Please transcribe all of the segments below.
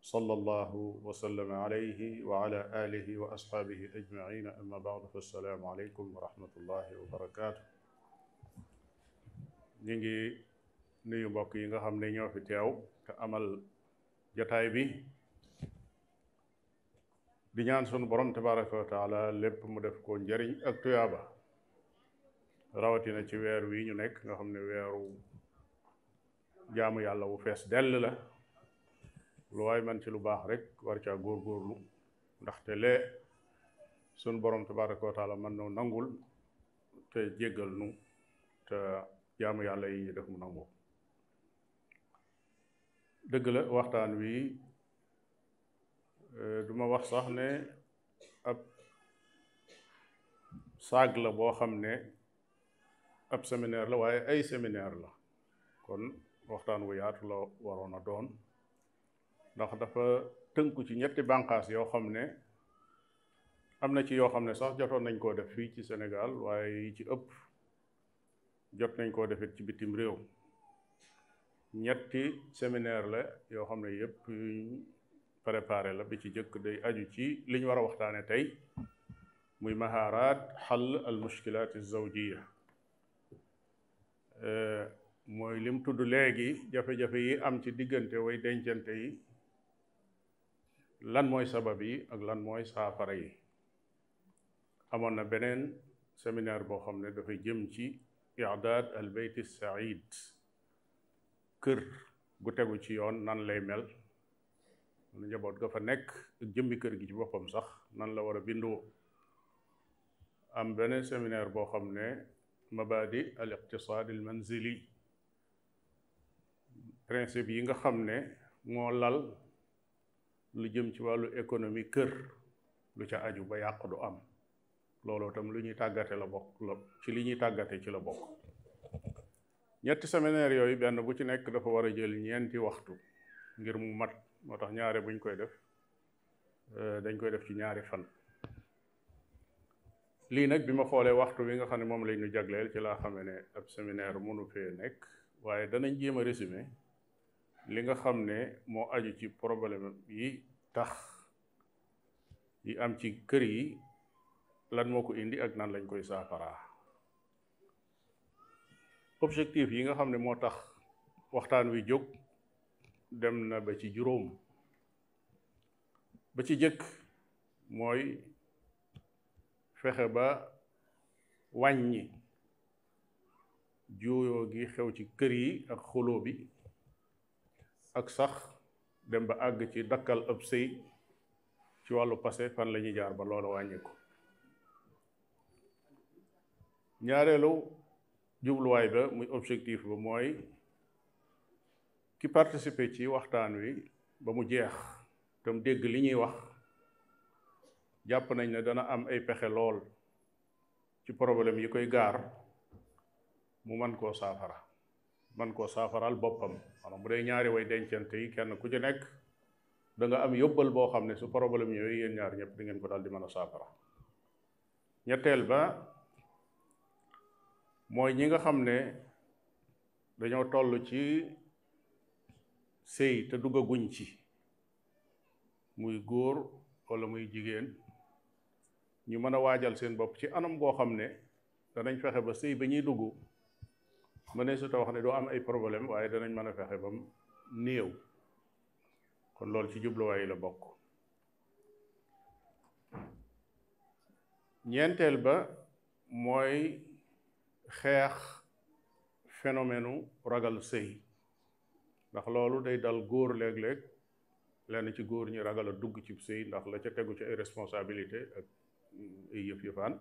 sallallahu wa sallama alayhi wa ala wa asxaabihi ajmaina amma baadu fa assalaamu aleykum wa rahmatullahi wa barakaatu ñu ngi nuyu mbokk yi nga xam ne ñoofi fi teew te amal jataay bi di ñaan sunu borom tabaraka wa taala lépp mu def ko njariñ ak tuyaaba rawatina ci weer wi ñu nekk nga xam ne weeru jaamu yàlla wu fees dell la lu waay man ci lu baax rek war caa góorgóorlu ndaxte lee sunu borom tabaraka wa taala mën noo nangul te jéggal nu te jaamu yàlla yi def mu nangu dëgg la waxtaan wi euh, duma wax sax ne ab saag la boo xam ne ab séminaire la waaye ay seminaire la kon waxtaan wu yaatu la waroon a doon ndax dafa tënku ci ñetti bànqaas yoo xam ne am na ci yoo xam ne sax jotoon nañ koo def fii ci Sénégal waaye yi ci ëpp jot nañ koo defit ci bitim réew ñetti séminaire la yoo xam ne yëpp yuñ préparé la bi ci jëkk day aju ci liñ war a waxtaane tey muy mahaaraat xal al mushkilaat zawjiya mooy lim tudd léegi jafe-jafe yi am ci diggante way dencante yi lan mooy sabab yi ak lan mooy saafara yi amoon na beneen seminaire boo xam ne dafa jëm ci i'daad al bayt said kër gu tegu ci yoon nan lay mel njaboot ga fa nekk ak jëmmi kër gi ci boppam sax nan la war a bindoo am beneen séminaire boo xam ne mabadi al iqtisaad al manzili principe yi nga xam ne moo lal lu jëm ci wàllu économie kër lu ca aju ba yàq du am looloo tam lu ñuy tàggate la bokk la ci li ñuy tàggate ci la bokk ñetti séminaire yooyu benn bu ci nekk dafa war a jël ñeenti waxtu ngir mu mat moo tax ñaare buñ koy def euh, dañ koy def ci ñaari fan lii nag bi ma xoolee waxtu wi nga xam ne moom lañ ñu jagleel ci laa xamee ne ab seminaire mënu fee nekk waaye danañ jéem a résumé li nga xam ne moo aju ci problème yi tax yi am ci kër yi lan moo ko indi ak nan lañ koy saafaraa objectif yi nga xam ne moo tax waxtaan wi jóg dem na ba ci juróom ba ci jëkk mooy fexe ba wàññi juuyoo gi xew ci kër yi ak xuloo bi ak sax dem ba àgg ci dakkal ab sëy ci wàllu passé pan la ñuy jaar ba loola wàññiku ñaareelu jubluwaay ba muy objectif ba mooy ki participer ci waxtaan wi ba mu jeex tam dégg li ñuy wax jàpp nañ ne dana am ay pexe lool ci problème yi koy gaar mu man koo saafara man koo saafaral boppam maanaam bu dee ñaari way dencante yi kenn ku ci nekk danga am yóbbal boo xam ne su problème yooyu yéen ñaar ñëpp di ngeen ko daal di mën a saafara ñetteel ba mooy ñi nga xam ne dañoo toll ci sëy te duggaguñ ci muy góor walla muy jigéen ñu mën a waajal seen bopp ci anam goo xam ne danañ fexe ba sëy ba ñuy dugg ma ne su wax ne doo am ay problème waaye danañ mën a fexe ba mu néew kon loolu ci jubluwaay la bokk ñeenteel ba mooy xeex phénomène ragal sëy ndax loolu day dal góor léeg-léeg lenn ci góor ñi ragal a dugg ci sëy ndax la ca tegu ci ay responsabilité ak ay yëf yëfaan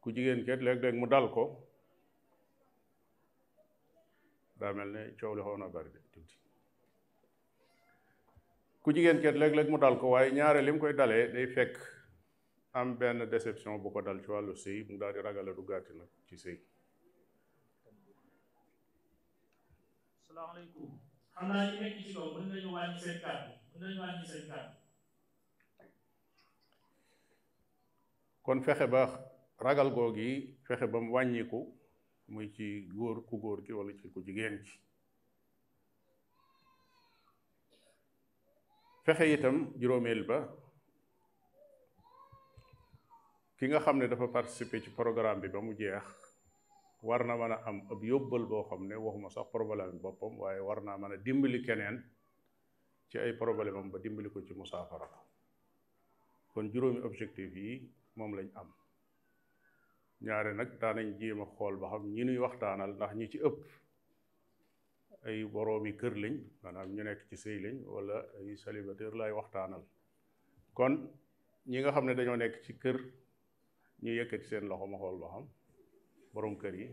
ku jigéen kat léeg-léeg mu dal ko daa mel ne coow li xaw bari de ku jigéen kat léeg-léeg mu dal ko waaye ñaare li koy dalee day fekk am benn déception bu ko dal ci wàllu sëy mu daal di ragale du gàtti nag ci sëy kon fexe ba ragal googi fexe ba mu wàññiku muy ci góor ku góor ci wala ci ku jigéen ci fexe itam juróomeel ba ki nga xam ne dafa participer ci programme bi ba mu jeex war na mën a am ab yóbbal boo xam ne waxuma sax problème boppam waaye war naa mën a dimbali keneen ci ay problème am ba dimbali ko ci musaafara kon juróomi objectif yi moom lañ am ñaare nag daanañ jéem a xool ba xam ñi nuy waxtaanal ndax ñu ci ëpp ay boroomi kër lañ maanaam ñu nekk ci sëy lañ wala ay célibataire lay waxtaanal kon ñi nga xam ne dañoo nekk ci kër ñu yëkkati seen loxo ma xool ba xam boroom kër yi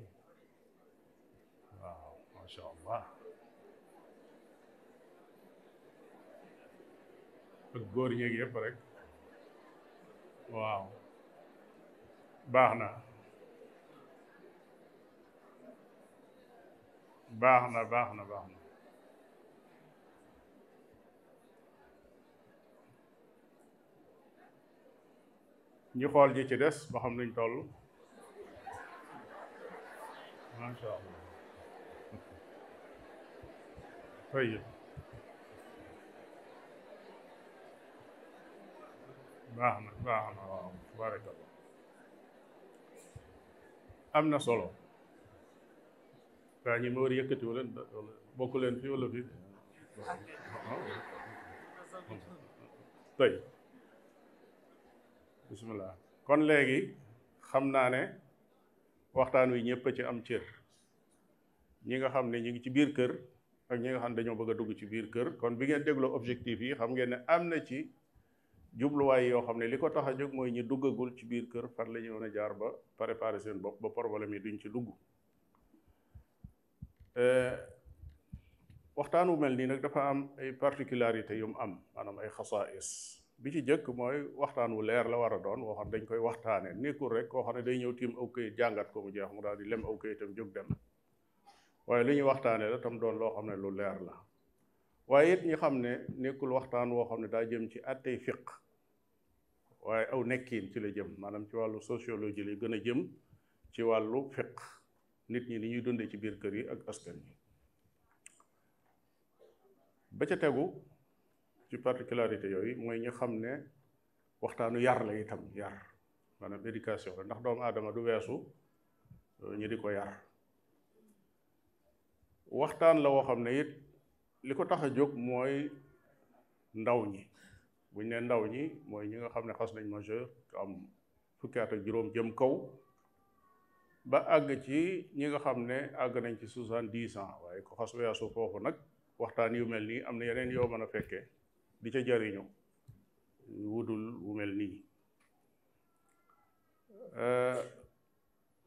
waaw masha allah ak góor ñeeg yëpp rek waaw baax na baax na baax na baax na ñu xool ji ci des ba xam nañ toll macha allah tayyib baax na baax na waaw tabarakallah am na solo gaa ñi ma war a yëkkati wala bokk leen fii wala fii kon léegi xam naa ne waxtaan wi ñëpp a ci am cër ñi nga xam ne ñu ngi ci biir kër ak ñi nga xam ne dañoo bëgg a dugg ci biir kër kon bi ngeen dégloo objectif yi xam ngeen ne am na ci jubluwaay yoo xam ne li ko tax a jóg mooy ñu duggagul ci biir kër far la ñu mën a jaar ba préparer seen bopp ba problème yi duñ ci dugg Eh, waxtaan wu mel nii nag dafa am ay particularité yum am maanaam ay xasaais bi ci jëkk mooy waxtaan wu leer la war a doon woo xam dañ koy waxtaane nekkul rek koo xam ne day ñëw tiim aw këyit jàngat ko mu jeex daal di lem aw këyitam jóg dem waaye li ñuy waxtaane la tam doon loo xam ne lu leer la waaye it ñi xam ne nekkul waxtaan woo xam ne daa jëm ci àttey fiq waaye aw nekkiin ci la jëm maanaam ci wàllu sociologie la gën a jëm ci wàllu fiq nit ñi li ñuy dundee ci biir kër yi ak askan yi ba ca tegu ci particularité yooyu mooy ñu xam ne waxtaanu yar la itam yar maanaam éducation ndax doomu aadama du weesu euh, ñu di ko yar waxtaan la woo xam ne it li ko tax a jóg mooy ndaw ñi buñ ne ndaw ñi mooy ñi nga xam ne xas nañ majeur am fukki at ak juróom jëm kaw ba àgg ci ñi nga xam ne àgg nañ ci soixante-dix ans waaye ko xas weesu foofu nag waxtaan yu mel nii am na yeneen yoo mën a fekkee di ca jariñu wudul wu mel nii euh,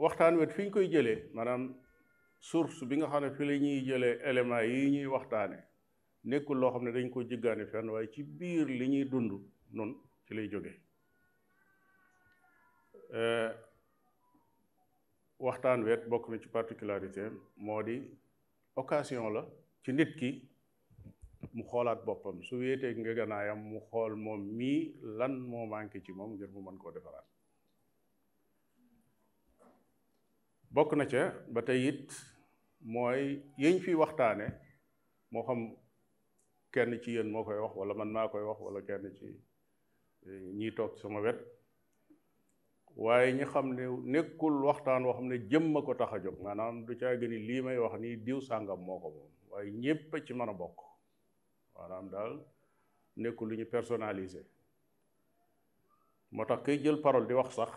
waxtaan wet fi ñu koy jëlee maanaam source bi nga xam ne fi la ñuy jëlee éléments yi ñuy waxtaane nekkul loo xam ne dañ ko jëggaane fen waaye ci biir li ñuy dund noonu ci lay jóge euh, waxtaan wet bokk na ci particularité moo di occasion la ci nit ki mu xoolaat boppam su wéetee nga ganaayam mu xool moom mii lan moo manqué ci moom ngir mu mën koo defaraat bokk na ca ba tey it mooy yiñ fi waxtaane moo xam kenn ci yéen moo koy wax wala man maa koy wax wala kenn ci eh, ñii toog sama wet waaye ñi xam ne nekkul waxtaan woo xam ne jëm ko tax a jóg maanaam du caa lii may wax nii diw sàngam moo ko moom waaye ñépp ci mën a bokk maanaam daal nekkul lu ñu personnalisé moo tax kay jël parole di wax sax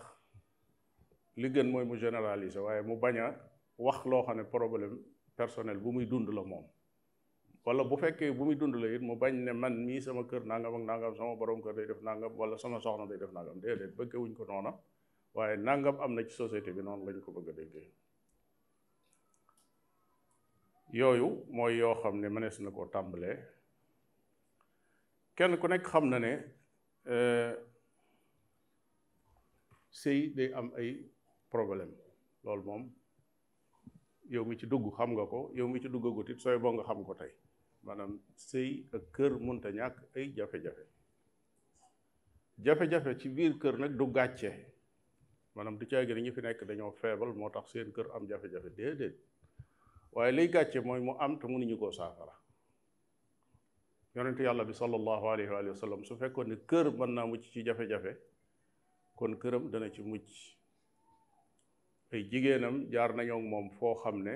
li gën mooy mu généralisé waaye mu bañ a wax loo xam ne problème personnel bu muy dund la moom wala bu fekkee bu muy dund la mu bañ ne man mii sama kër nangam ak nangam sama borom kër def nangam wala sama soxna day def nangam déedéet bëggewuñ ko noona waaye nangam am na ci société bi noonu lañ ko bëgg a déggee yooyu mooy yoo xam ne mënees na koo tàmbalee kenn ku nekk xam na ne euh, sëy day am ay problème loolu moom yow mi ci dugg xam nga ko yow mi ci duggagut it sooy boo nga xam ko tey maanaam sëy ak kër mënta ñàkk ay jafe-jafe jafe-jafe ci biir kër nag du gàcce maanaam du caagi ni ñu fi nekk dañoo feebal moo tax seen kër am jafe-jafe déedéet waaye liy gàcce mooy mu am te mënuñu koo saafara yonentu yàlla bi sallallahu alayhi wa sallam su fekkoon ne kër mën naa mucc ci jafe-jafe kon këram dana ci mujj ay jigéenam jaar nañoo moom foo xam ne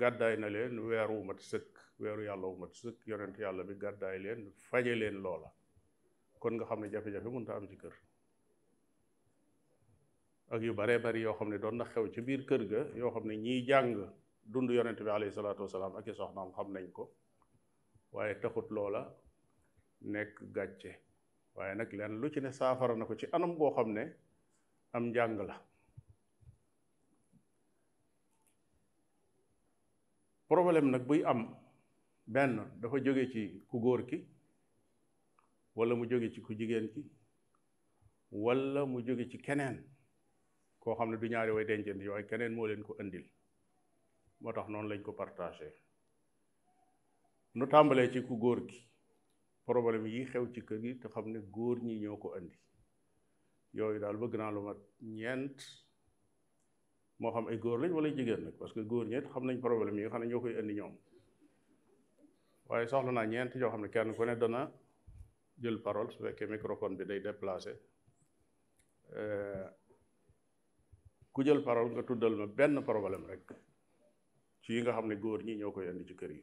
gàddaay na leen weer wu mat sëkk weeru yàlla wu mat sëkk yonent yàlla bi gàddaay leen faje leen loola kon nga xam ne jafe-jafe mënta am ci kër ak yu baree bari yoo xam ne doon na xew ci biir kër ga yoo xam ne ñiy jàng dund yonent bi alayhi salaatu wasalaam ak i soxnaam xam nañ ko waaye taxut loola nekk gàcce waaye nag leen lu ci ne saafara na ko ci anam goo xam ne am njàng la problème nag buy am benn dafa jóge ci ku góor ki walla mu jóge ci ku jigéen ki walla mu jóge ci keneen koo xam ne du ñaari way dencante waaye keneen moo leen ko indil moo tax noonu lañ ko partagé nu tàmbalee ci ku góor gi problème yi xew ci kër gi te xam ne góor ñi ñoo ko indi yooyu daal bëgg naa lu mat ñeent moo xam ay góor lañ wala jigéen nag parce que góor ñeent xam nañ problème yi xam ne ñoo koy indi ñoom waaye soxla naa ñeent yoo xam ne kenn ku ne dana jël parole su fekkee microphone bi day déplacé euh, ku jël parole nga tuddal ma benn problème rek ci yi nga xam ne góor ñi ñoo koy indi ci kër yi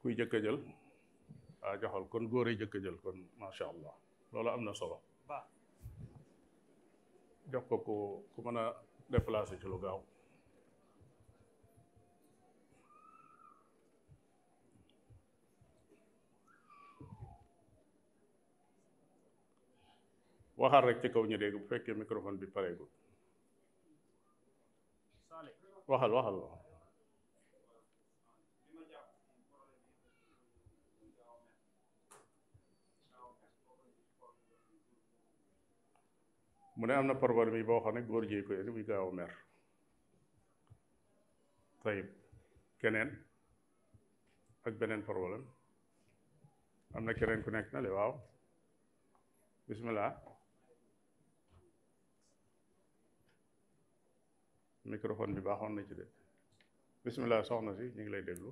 kuy jëkk a jël waa ah, joxal kon góor yi jëkk jël kon macha allah loolu am na solo jox ko ku ku mën a déplacer ci lu gaaw waxal rek ci kaw ñu dégg bu fekkee microphone bi pareegul waxal waxal waxal mu ne am na problème yi boo xam ne góor jee ko indi muy gaaw a mer tayib keneen ak beneen problème am na keneen ku nekk na le waaw bismillah microphone bi baaxoon na ci de bisimilah soxna si ñu ngi lay déglu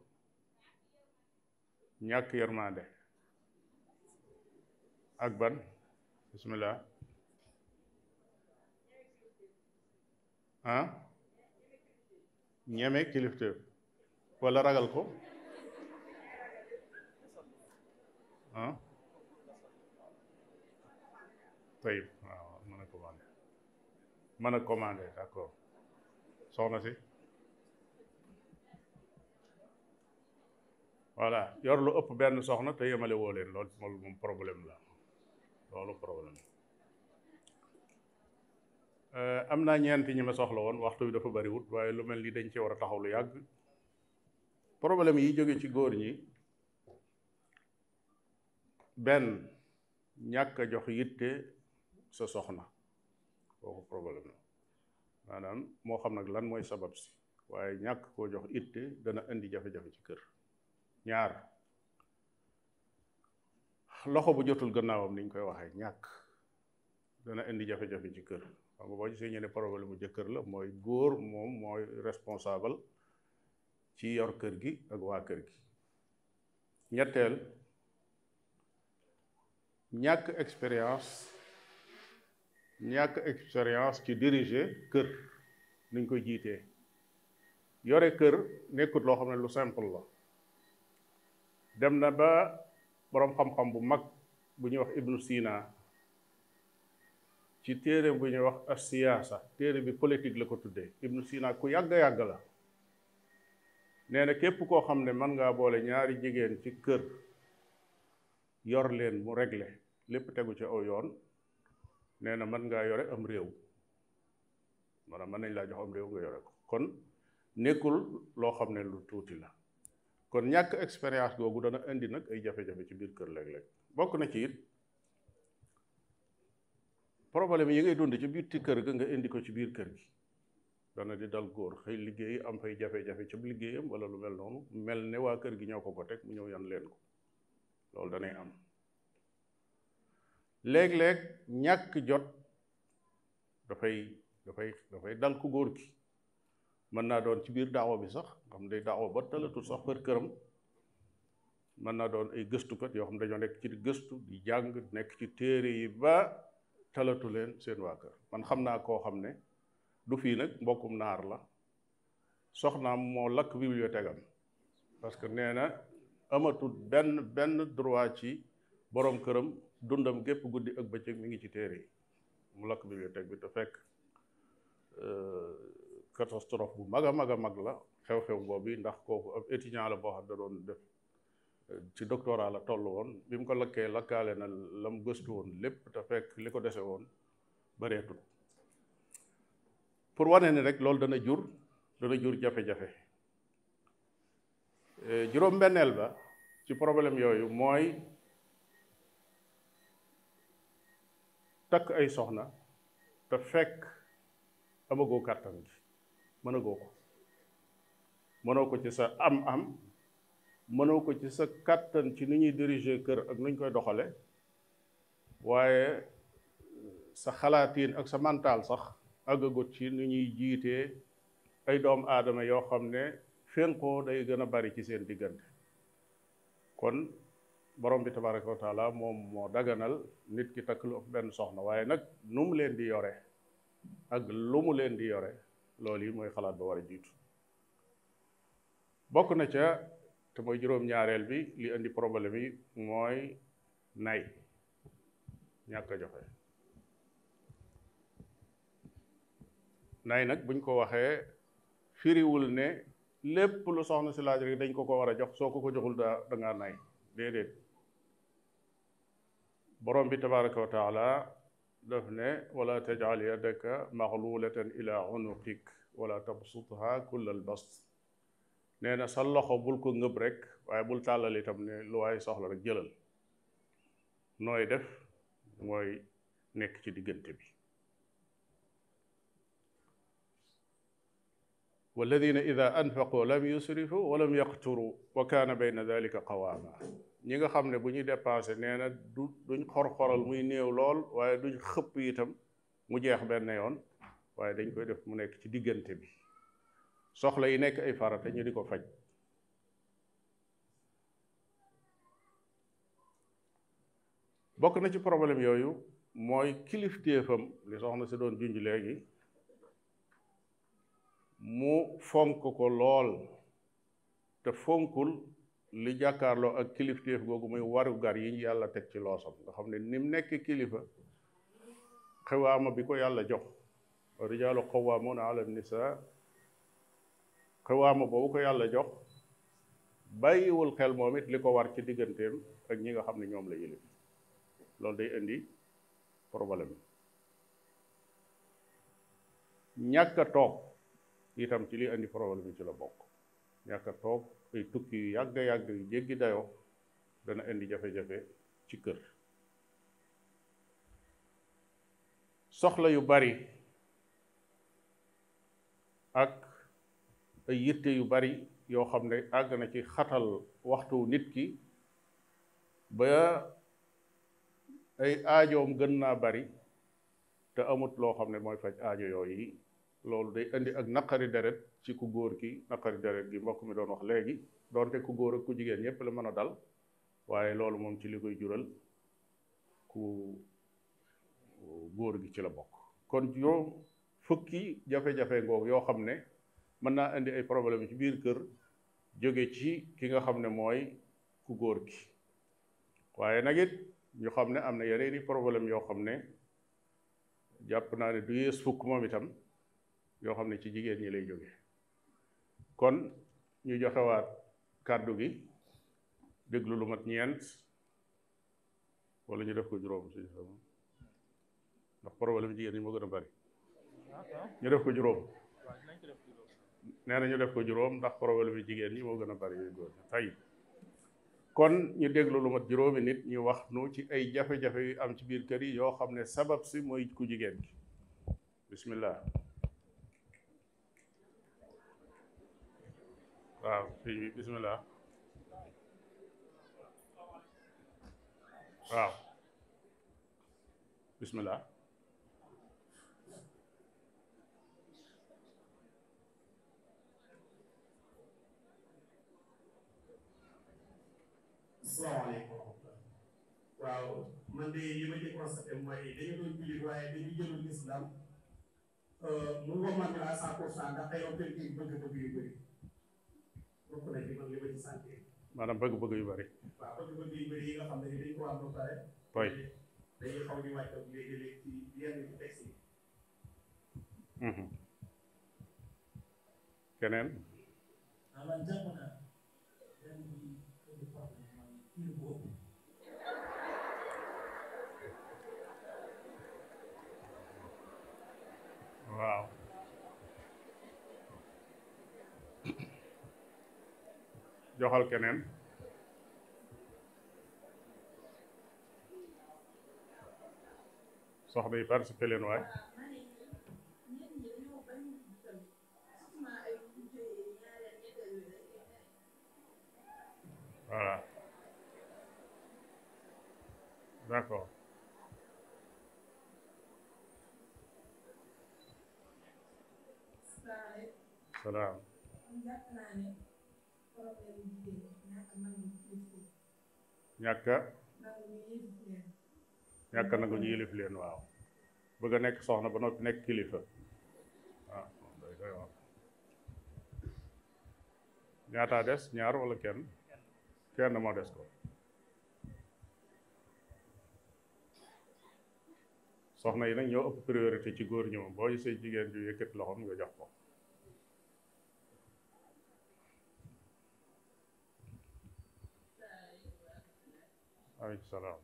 ñàkk yërmande ak ban bisimilah ah ñeme kilifteef wala ragal ko ah tayib waaw mën a commandé mën a commandé d'accord soxna si voilà yor lu ëpp benn soxna te yemale woo leen loolu moom problème la loolu problème euh, am naa ñeenti ñi ma soxla woon waxtu wi dafa bari waaye lu mel ni dañ ci war a taxaw lu yàgg problème yi jóge ci góor ñi benn ñàkk a jox yitte sa soxna kooku problème la maanaam moo xam nag lan mooy sabab si waaye ñàkk koo jox itte dana indi jafe-jafe ci kër ñaar loxo bu jotul gannaawam niñ koy waxee ñàkk dana indi jafe-jafe ci kër xam nga boo gisee ñu ne jëkkër la mooy góor moom mooy responsable ci yor kër gi ak waa kër gi ñetteel ñàkk expérience ñàkk expérience ci diriger kër niñ koy jiitee yore kër nekkut loo xam ne lu simple la dem na ba boroom xam-xam bu mag bu ñuy wax Ibnu Sina ci téere bu ñuy wax as-siyaasa téere bi politique la ko tuddee Ibnu Sina ku yàgg-yàgg la nee na képp koo xam ne mën ngaa boole ñaari jigéen ci kër yor leen mu régle lépp tegu ci aw yoon nee na mën ngaa yore am réew maanaam mën nañ laa jox am réew nga yore ko kon nekkul loo xam ne lu tuuti la kon ñàkk expérience googu dana indi nag ay jafe-jafe ci biir kër léeg-léeg bokk na ci it problème yi ci biir ti kër ga nga indi ko ci biir kër gi dana di dal góor xëy liggéey am fay jafe-jafe ci liggéeyam wala lu mel noonu mel ne waa kër gi ñoo ko ko teg mu ñëw yan leen ko loolu danay am léeg-léeg ñàkk jot dafay dafay dafay dal ku góor gi mën naa doon ci biir daawa bi sax xam day daawa ba talatul sax par këram mën naa doon ay gëstukat yoo xam dañoo nekk ci gëstu di jàng nekk ci téere yi ba talatu leen seen waa kër man xam naa koo xam ne du fii nag mbokkum naar la soxnaam moo lakk bibliothèque am parce que nee na benn benn droit ci borom këram dundam gépp guddi ak bëccëg mi ngi ci téere yi mu lakk bibliothèque bi te fekk euh, catastrophe bu mag a mag a mag la xew-xew boobu ndax kooku ab étudiant la boo xam da doon def euh, ci doctorat la toll woon bi mu ko lakkee lakkaale na la mu gëstu woon lépp te fekk li ko dese woon bareetul pour wane ni rek loolu dana jur dana jur jafe-jafe euh, juróom-benneel ba ci problème yooyu mooy takk ay soxna te fekk amagoo kàttan gi mënagoo ko mënoo ko ci sa am-am mënoo ko ci sa kàttan ci nu ñuy diriger kër ak nu ñu koy doxale waaye sa xalaatin ak sa mental sax àggagut ci ni ñuy jiitee ay doom aadama yoo xam ne fénqoo day gën a bari ci seen diggante kon borom bi tabaraka wa moom moo daganal nit ki takk lu ëpp benn soxna waaye nag nu leen di yore ak lu mu leen di yore loolu yi mooy xalaat ba war a jiitu bokk na ca te mooy juróom-ñaareel bi li indi problème yi mooy nay ñàkk a joxe nay nag buñ ko waxee firiwul ne lépp lu soxna si laaj rek dañ ko ko war a jox soo ko ko joxul daa da ngaa nay déedéet borom bi tabaraka wa taala daf ne wala tajal yadaka maxlulatan ila unuqik wala tabsutha kull al bast nee na sa loxo bul ko ngëb rek waaye bul tàllal itam ne lu waay soxla rek jëlal nooy def mooy nekk ci diggante bi walladina ida anfaqu lam yusrifu walam yaqturu wa kaana bayna dalika qawaama ñi nga xam ne bu ñuy dépensé nee na du duñ xor-xoral muy néew lool waaye duñ xëpp itam mu jeex benn yoon waaye dañ koy def mu nekk ci diggante bi soxla yi nekk ay farata ñu di ko faj bokk na ci problème yooyu mooy kilifteefam li soxna si doon junj léegi mu fonk ko lool te fonkul li jàkkaarloo ak kilifteef googu muy warugar yi ñu yàlla teg ci loosam nga xam ne ni mu nekk kilifa xewaama bi ko yàlla jox rijaalu qawwaamuuna ala nisaa xewaama boobu ko yàlla jox bàyyiwul xel moom it li ko war ci digganteem ak ñi nga xam ne ñoom la yëlif loolu day indi problème ñàkk a toog itam ci li indi problème ci la bokk ñàkk toog ay tukki yu yàgg yàgg yu jéggi dayoo dana indi jafe-jafe ci kër soxla yu bari ak ay yitte yu bari yoo xam ne àgg na ci xatal waxtu nit ki ba ay aajoom gën naa bari te amut loo xam ne mooy faj aajo yooyu loolu day indi ak naqari deret ci ku góor ki naqari deret gi mbokk mi doon wax léegi doonte ku góor ak ku jigéen ñëpp la mën a dal waaye loolu moom ci li koy jural ku góor gi ci la bokk kon yoo fukki jafe-jafe ngoog yoo xam ne mën naa indi ay problème ci biir kër jóge ci ki nga xam ne mooy ku góor ki waaye nag it ñu xam ne am na yeneen i problème yoo xam ne jàpp naa ne du yées fukk moom itam yoo xam ne ci jigéen ñi lay jóge kon ñu joxewaat kàddu gi déglu lu mat ñeent wala ñu def ko juróom si ndax problème jigéen ñi moo gën a bari ñu def ko juróom nee na ñu def ko juróom ndax problème jigéen ñi moo gën a bari yooyu góor tey kon ñu déglu lu mat juróomi nit ñu wax nu ci ay jafe-jafe yu am ci biir kër yi yoo xam ne sabab si mooy ku jigéen gi bismillah waaw fii bismillah waaw bismillah salaamaaleykum waaw man de li ma ci constaté mooy dañu doon julli waaye dañu jëlu l'islam euh, mu ko mën à cent pour cent ndax ay opportunité bëgg-bëgg yu bokk na bëgg-bëgg yu pare. oui dañuy mhm. keneen. waaw. joxal keneen soxna yi participer leen waay voilà d'accord salaam ñàkk ñàkka nag a ñu yëlif leen waaw bëgg a nekk soxna ba noppi nekk kilifa ah, waaw ñaataa des ñaar walla kenn kenn moo des ko soxna yi nag ñoo ëpp priorité ci góor ñi moom boo gisee jigéen ju yëkkati loxoom nga jox ko aleykum salaam.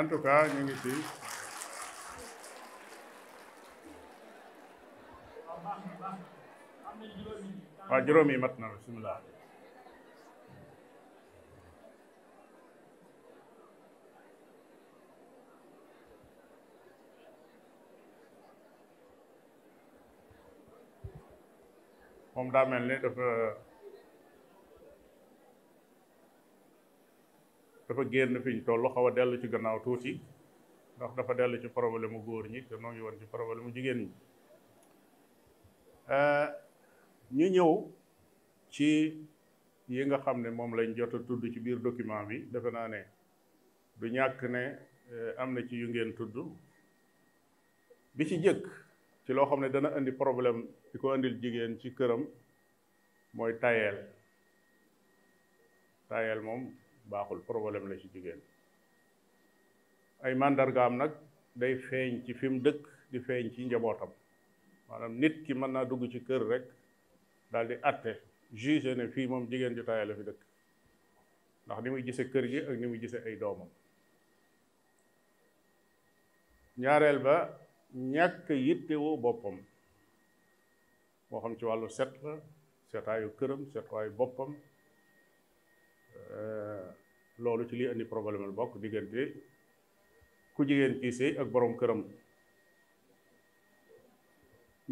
en tout cas ñu ngi ci waaw juróom yi mat na bismillah moom daa mel ni dafa dafa génn fi ñu toll a dellu ci gannaaw tuuti ndax dafa dellu ci problème mu góor ñi te noo ngi ci problème mu jigéen ñi eh, ñu ñëw ci yi nga xam ne moom lañ jot a tudd ci biir document bi defe naa ne du ñàkk ne eh, am na ci yu ngeen tudd bi ci jëkk ci loo xam ne dana indi problème di ko indil jigéen ci këram mooy tayeel tayeel moom baaxul problème la ci jigéen ay màndargaam nag day feeñ ci fi mu dëkk di feeñ ci njabootam maanaam nit ki mën naa dugg ci kër rek daal di atte juge ne fii moom jigéen ju tayeel la fi dëkk ndax ni muy gise kër gi ak ni mu gise ay doomam ñaareel ba ñàkk yittewoo boppam moo xam ci wàllu set la seetaayu këram seetaayu boppam euh, loolu ci li indi problème la bokk diggante ku jigéen kii ak boroom këram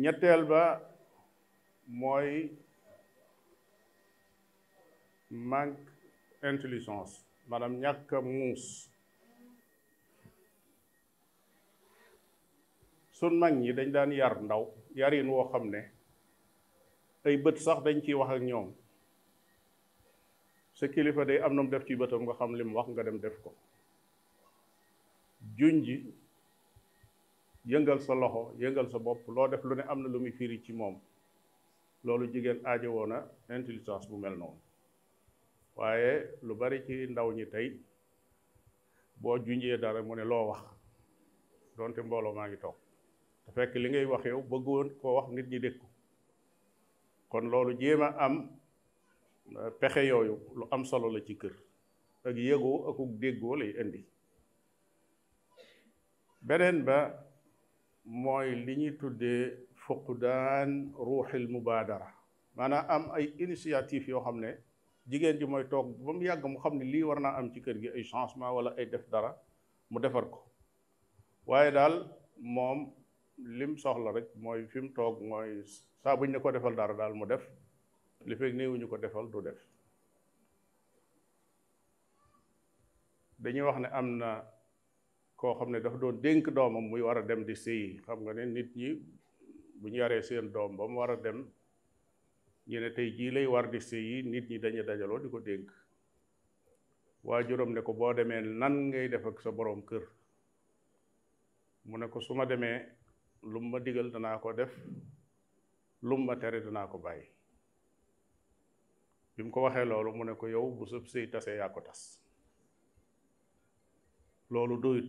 ñetteel ba mooy manque intelligence maanaam ñàkk muus sun nag ñi dañ daan yar ndaw yarin woo xam ne ay bët sax dañ ciy wax ak ñoom sa kilifa day am na mu def ci bëtam nga xam li mu wax nga dem def ko juñ ji yëngal sa loxo yëngal sa bopp loo def lu ne am na lu muy firi ci moom loolu jigéen aajo woona intelligence bu mel noonu waaye lu bari ci ndaw ñi tey boo junjee dara mu ne loo wax doonte mbooloo maa ngi toog te fekk li ngay wax yow ba bëggoon koo wax nit ñi dégg kon loolu jéem a am euh, pexe yooyu lu am solo la ci kër ak yëgoo akuk déggoo lay indi beneen ba mooy li ñuy tuddee fuqdaan ruuxil mubaadara maanaam am ay initiative yoo xam ne jigéen ji mooy toog ba mu yàgg mu xam ne lii war naa am ci kër gi ay changement wala ay def dara mu defar ko waaye daal moom lim soxla rek mooy fi mu toog mooy saa buñ ne ko defal dara daal mu def li fekk néewuñu ko defal du def dañuy wax ne am na koo xam ne dafa doon dénk doomam muy war a dem di sëyi xam nga ne nit ñi bu ñu yaree seen doom ba mu war a dem ñu tey jii lay war di sëyi nit ñi dañu dajaloo di ko dénk waajuram ne ko boo demee nan ngay def ak sa boroom kër mu ne ko suma demee lu ma digal danaa ko def lum ma tere danaa ko bàyyi bi mu ko waxee loolu mu ne ko yow bu sëb sëy tasee yaa ko tas loolu doyut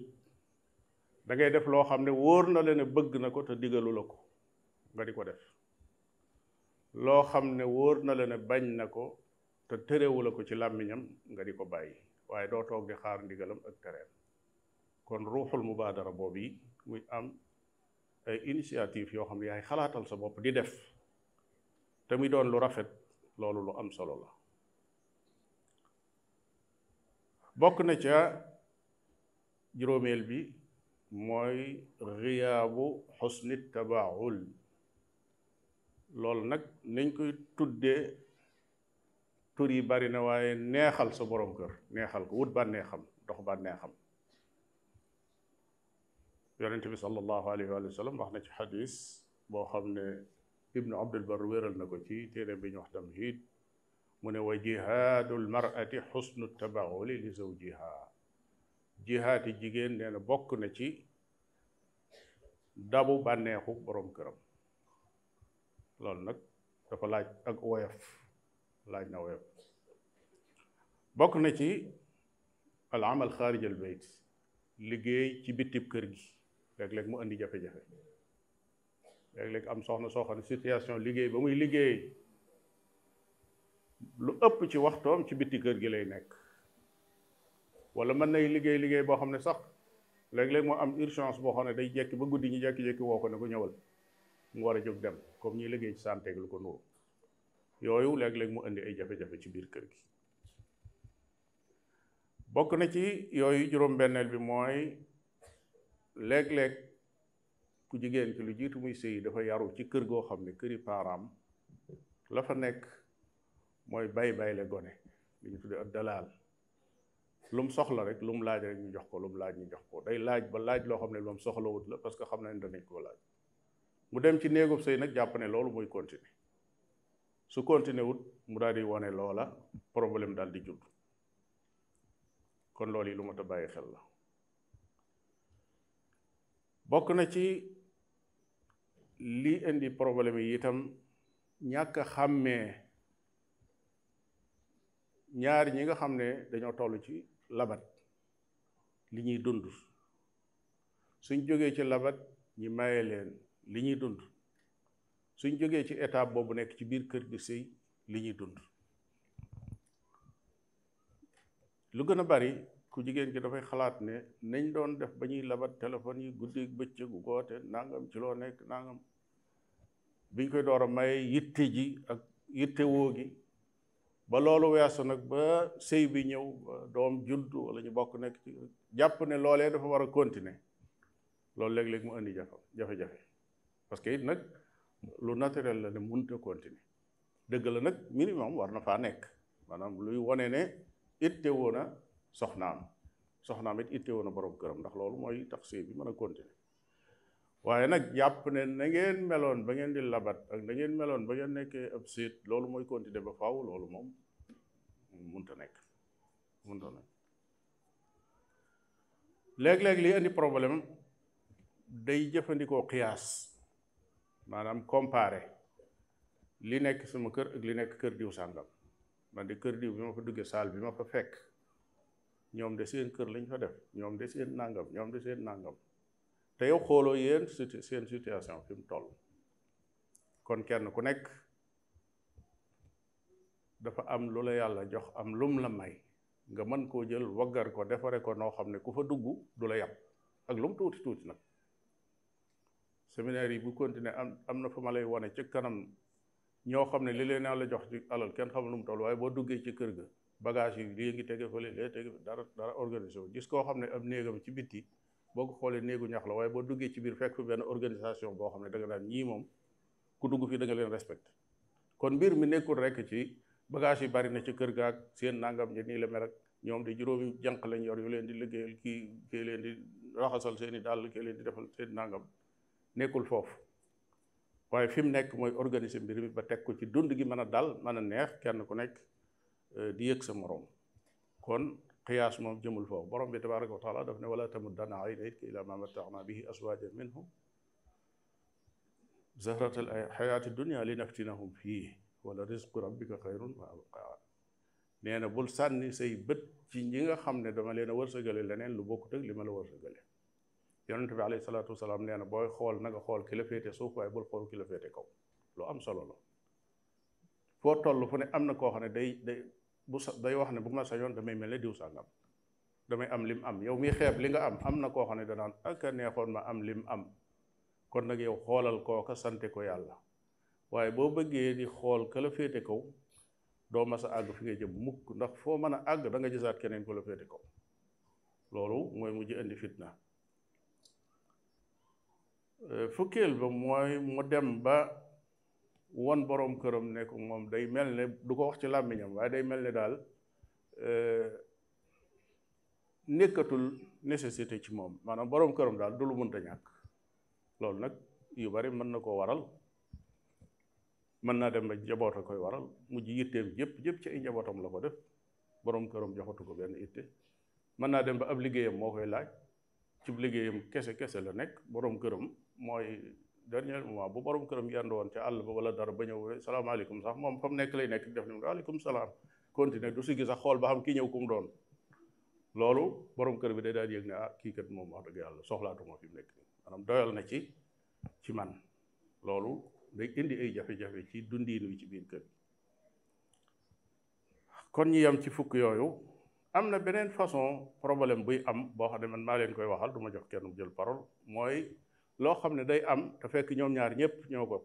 dangay def loo xam ne wóor na la ne bëgg na ko te digalu la ko nga di ko def loo xam ne wóor na la ne bañ na ko te terewu la ko ci làmmiñam nga di ko bàyyi waaye doo toog di xaar ndigalam ak tereem kon ruuxul mubaadara boobu yi muy am ay initiative yoo xam ne yaay xalaatal sa bopp di def te muy doon lu rafet loolu lu am solo la bokk na ca juróomeel bi mooy riyaabu xusni tabaul loolu nag nañ koy tudde tur yi bari na waaye neexal sa borom kër neexal ko wut bànneexam dox bànneexam yonente bi sallallahu alayhi wa sallam wax na ci xadis boo xam ne ibnu abdul bar wéral na ko ci téere bi ñu wax tamhid mu ne wa jihaadu lmarati xusnu tabaxuli li zawjiha jihaati jigéen nee na bokk na ci dabu bànneexu boroom këram loolu nag dafa laaj ak woyof laaj na woyof bokk na ci al amal xaarij al bayt liggéey ci bitib kër gi léeg-léeg mu andi jafe-jafe léeg-léeg am soxna soo xam ne situation liggéey ba muy liggéey lu ëpp ci waxtoom ci bitti kër gi lay nekk wala mën nay liggéey liggéey boo xam ne sax léeg-léeg moo am urgence boo xam ne day jekki ba guddi ñu jekki-jekki woo ko ne ko ñëwal mu war a jóg dem comme ñuy liggéey ci santé ak lu ko nuru yooyu léeg-léeg mu indi ay jafe-jafe ci biir kër gi bokk na ci yooyu juróom-benneel bi mooy léeg-léeg ku jigéen ki lu jiitu muy sëy dafa yaru ci kër goo xam ne këri paaraam la fa nekk mooy bay bay le gone li ñu tuddee ak dalaal lu soxla rek lu mu laaj rek ñu jox ko lu laaj ñu jox ko day laaj ba laaj loo xam ne moom soxlawut la parce que xam nañ danañ koo laaj mu dem ci néegub sëy nag jàpp ne loolu mooy continuer su continuer wut mu daal di wane loola problème daal di judd kon loolu yi lu ma a bàyyi xel la bokk na ci lii indi problème yi itam ñàkk a ñaar ñi nga xam ne dañoo toll ci labat li ñuy dund suñ jógee ci labat ñi maye leen li ñuy dund suñ jógee ci étape boobu nekk ci biir kër gi sëy li ñuy dund lu gën a bari ku jigéen ki dafay xalaat ne nañ doon def ba ñuy labat téléphone yi guddi bëccëgu goote nangam ci loo nekk nangam biñ koy door a maye yitte ji ak yitte woo gi ba loolu weesu nag ba sëy bi ñëw doom juddu wala ñu bokk nekk jàpp ne loole dafa war a continuer loolu léeg-léeg mu indi jafe jafe parce que it nag lu naturel la ne mënta continuer dëgg la nag minimum war na faa nekk maanaam luy wone ne itte woo na soxnaam soxnaam it itte woon a borom këram ndax loolu mooy tax sëy bi mën a continuer waaye nag jàpp ne na ngeen meloon ba ngeen di labat ak na ngeen meloon ba ngeen nekkee ab séet loolu mooy continuer ba faaw loolu moom munta nekk munta nekk léeg-léeg li indi problème day jëfandikoo xiyaas maanaam comparer li nekk sama kër ak li nekk kër diw sàngam man di kër diw bi ma fa duggee saal bi ma fa fekk ñoom de seen kër lañ fa def ñoom de seen nangam ñoom de seen nangam te yow xooloo yéen seen situation fi mu toll kon kenn ku nekk dafa am lu la yàlla jox am lum la may nga mën koo jël waggar ko defare ko noo xam ne ku fa dugg du la yàpp ak lum tuuti tuuti nag séminaire yi bu continuer am am na fu ma lay wane ci kanam ñoo xam ne li leen yàlla jox ci alal kenn xam lu mu toll waaye boo duggee ci kër ga bagage yi lii ngi tege leen lee tege dara dara organisé gis koo xam ne ab néegam ci bitti boo ko xoolee néegu ñax la waaye boo duggee ci biir fekk fi benn organisation boo xam ne da daal ñii moom ku dugg fi da leen respecté kon mbir mi nekkul rek ci bagage yi bari na ci kër gaak seen nangam ñi nii la mel rek ñoom di juróomi jànq lañ yor yu leen di liggéeyal kii kii leen di raxasal seen i dàll leen di defal seen nangam nekkul foofu waaye fi mu nekk mooy organise mbir mi ba teg ko ci dund gi mën a dal mën a neex kenn ku nekk Eh, di yëg sa moroom kon qiyaas moom jëmul foofu borom bi tabaraka wa taala daf ne wala tamuddanna aynayka ilaa maa matta'naa bihi azwaajan minhum zahrat al xayaati dunya linaftinahum fii wala rizqu rabbika xayrun wa abqaa nee na bul sànni say bët ci ñi nga xam ne dama leen a wërsëgale leneen lu bokkut ak li ma la wërsëgale yonent bi alayhi salaatu wasalaam nee na booy xool na nga xool ki la féete suuf waaye bul xool ki la féete kaw lu am solo la foo toll fu ne am na koo xam ne day day bu sa day wax ne bu ma sañoon damay mel ne diw sàngam damay am lim am yow mi xeeb li nga am am na koo xam ne danaan ak ah, a neexoon ma am lim am kon nag yow xoolal kooka sante ko yàlla waaye boo bëggee di xool ka la féete kaw doo mas a àgg fi nga jëm mukk ndax foo mën a àgg da nga gisaat keneen ku la féete loolu mooy mujj indi fitna euh, fukkeel ba mooy mu dem ba won boroom këram nekku moom day mel ne du ko wax ci làmmiñam waaye day mel ne daal euh, nekkatul nécessité ci moom maanaam boroom këram daal du lu mënta ñàkk loolu nag yu bari mën na koo waral mën naa dem ba njaboot a koy waral mujj yitteem yëpp jëpp ci ay njabootam la ko def boroom këram joxatu ko benn itte mën naa dem ba ab liggéeyam moo koy laaj ci liggéeyam kese kese la nekk boroom këram mooy dernier moment bu borom këram yendu woon ca àll ba wala dara ba ñëw salaamaaleykum sax moom fa mu nekk lay nekk def ni waaleykum salaam continuer du si gis sax xool ba xam kii ñëw ku mu doon loolu borom kër bi day daal yëg ne ah kii kat moom wax dëgg yàlla soxlaatu ma fi mu nekk maanaam doyal na ci ci man loolu day indi ay jafe-jafe ci dundiin wi ci biir kër kon ñi yam ci fukk yooyu am na beneen façon problème buy am boo xam ne man maa leen koy waxal du ma jox kenn jël parole loo xam ne day am te fekk ñoom ñaar ñëpp ñoo ko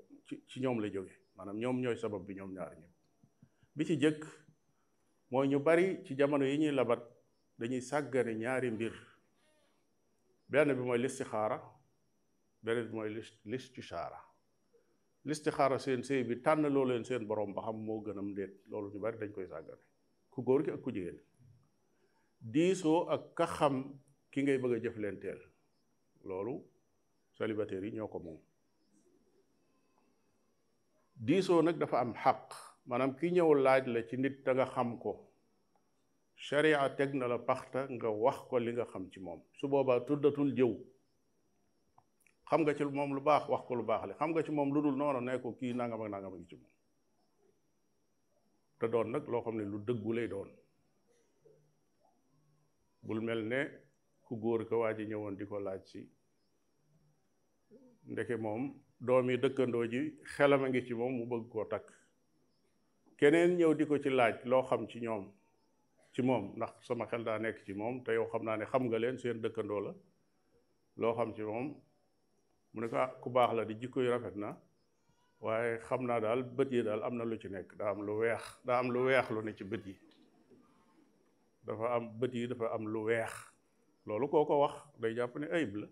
ci ñoom la jóge maanaam ñoom ñooy sabab bi ñoom ñaar ñëpp bi ci jëkk mooy ñu bari ci jamono yi ñuy labat dañuy sàggane ñaari mbir benn bi mooy listixaara benn bi mooy ci ci listixaara seen sëy bi tànn loo leen seen borom ba xam moo gënam ndéet loolu ñu bari dañ koy sàggane ku góor ki ak ku jigéen diisoo ak ka xam ki ngay bëgg a jëf jëflenteel loolu célibataires yi ñoo ko moom diisoo nag dafa am xaq maanaam ki ñëw laaj la ci nit te nga xam ko sharia teg na la paxta nga wax ko li nga xam ci moom su boobaa tuddatul jëw xam nga ci moom lu baax wax ko lu baax le xam nga ci moom lu dul noonu nekku ko kii nangam ak nangam ak ci moom te doon nag loo xam ne lu dëggu lay doon bul mel ne ku góor ko waa ji ñëwoon di ko laaj si ndeke moom doom yi dëkkandoo ji xelam a ngi ci moom mu bëgg koo takk keneen ñëw di ko ci laaj loo xam ci ñoom ci moom ndax sama xel daa nekk ci moom te yow xam naa ne xam nga leen seen dëkkandoo la loo xam ci moom mu ne ko ah, ku baax la di jikko yu rafet na waaye xam naa daal bët yi daal am na lu ci nekk daa am lu weex daa am lu weex lu ne ci bët yi dafa am bët yi dafa am lu weex loolu koo ko wax day jàpp ne ayib la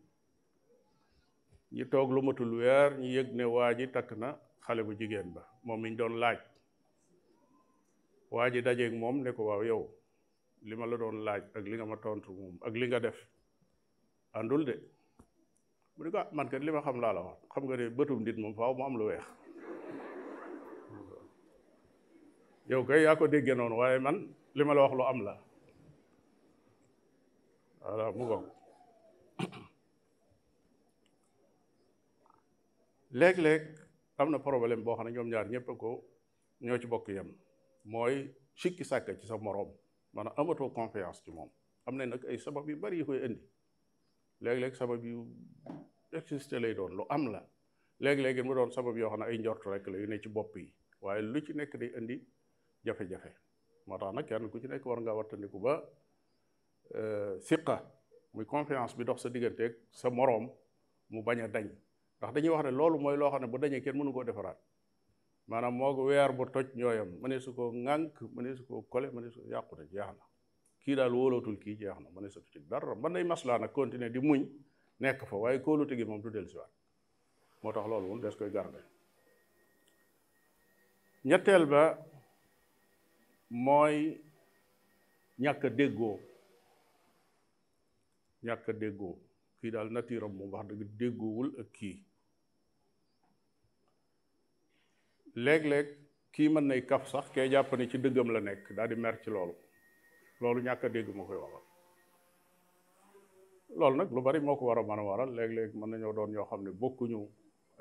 ñu toog lu matul weer ñu yëg ne waa ji takk na xale bu jigéen ba moom miñ doon laaj waa ji dajeeg moom ne ko waaw yow li ma la doon laaj ak li nga ma tontu moom ak li nga def àndul de mu ne ko ah, man kat li ma xam laa la wax xam nga ne bëtum nit moom faaw mu am lu weex yow kay yaa ko déggee noonu waaye man lima la wax lu am la voilà mu ngoog léegi léeg am na problème boo xam ne ñoom ñaar ñëpp ko ñoo ci bokk yam mooy sikki sàkk ci sa moroom maanaam amatoo confiance ci moom am na nag ay sabab yu bari yu koy indi léeg-léeg sabab yu existé lay lu am la léeg-léeg mu doon sabab yoo xam ne ay njort rek la yu ne ci bopp yi waaye lu ci nekk day indi jafe-jafe moo tax nag kenn ku ci nekk war nga wattandiku ba euh, siqa muy confiance bi dox sa digganteek sa moroom mu bañ a dañ ndax dañuy wax ne loolu mooy loo xam ne bu dañee kenn mënu koo defaraat maanaam moo ko weer bu toj ñooyam mënee su koo ŋànk mënee su koo kole mënee su yàqu na jeex na kii daal wóolootul kii jeex na mënee satu ci dara mën nay maslaa nag continuer di muñ nekk fa waaye kóolute gi moom du dellu siwaat moo tax loolu moom des koy garde ñetteel ba mooy ñàkk a déggoo ñàkk déggoo kii daal natiiram moom wax dëgg déggoowul ak kii léeg-léeg kii mën nay kaf sax kee jàpp ne ci dëggam la nekk daal di mer ci loolu loolu ñàkk a dégg moo koy waxal loolu nag lu bari moo ko war a mën a waral léeg-léeg mën nañoo doon ñoo xam ne bokkuñu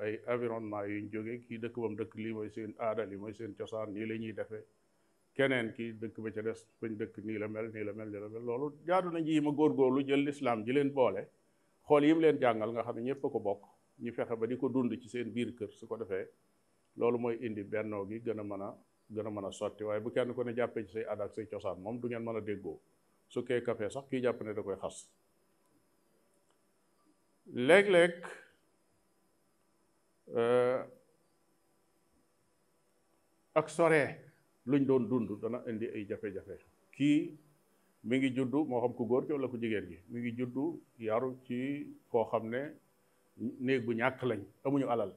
ay environnement yu ñu kii dëkk bam dëkk lii seen aada lii mooy seen cosaan nii la ñuy defee keneen kii dëkk ba ca des bañ dëkk nii la mel nii la mel nii la mel loolu jaadu na ji ma góorgóorlu jël lislaam ji leen boole xool yi leen jàngal nga xam ñëpp a ko bokk ñu fexe ba di ko dund ci seen biir kër su ko defee loolu mooy indi bennoo gi gën a mën a gën mën a sotti waaye bu kenn ku ne jàppee ci say aada say cosaan moom ngeen mën a déggoo su kee café sax kii jàpp ne da koy xas léeg-léeg euh, ak sore luñ doon dund dana indi ay jafe-jafe kii mi ngi juddu moo xam ku góor ki walla ku jigéen gi mi ngi juddu yaru ci foo xam ne néeg bu ñàkk lañ amuñu alal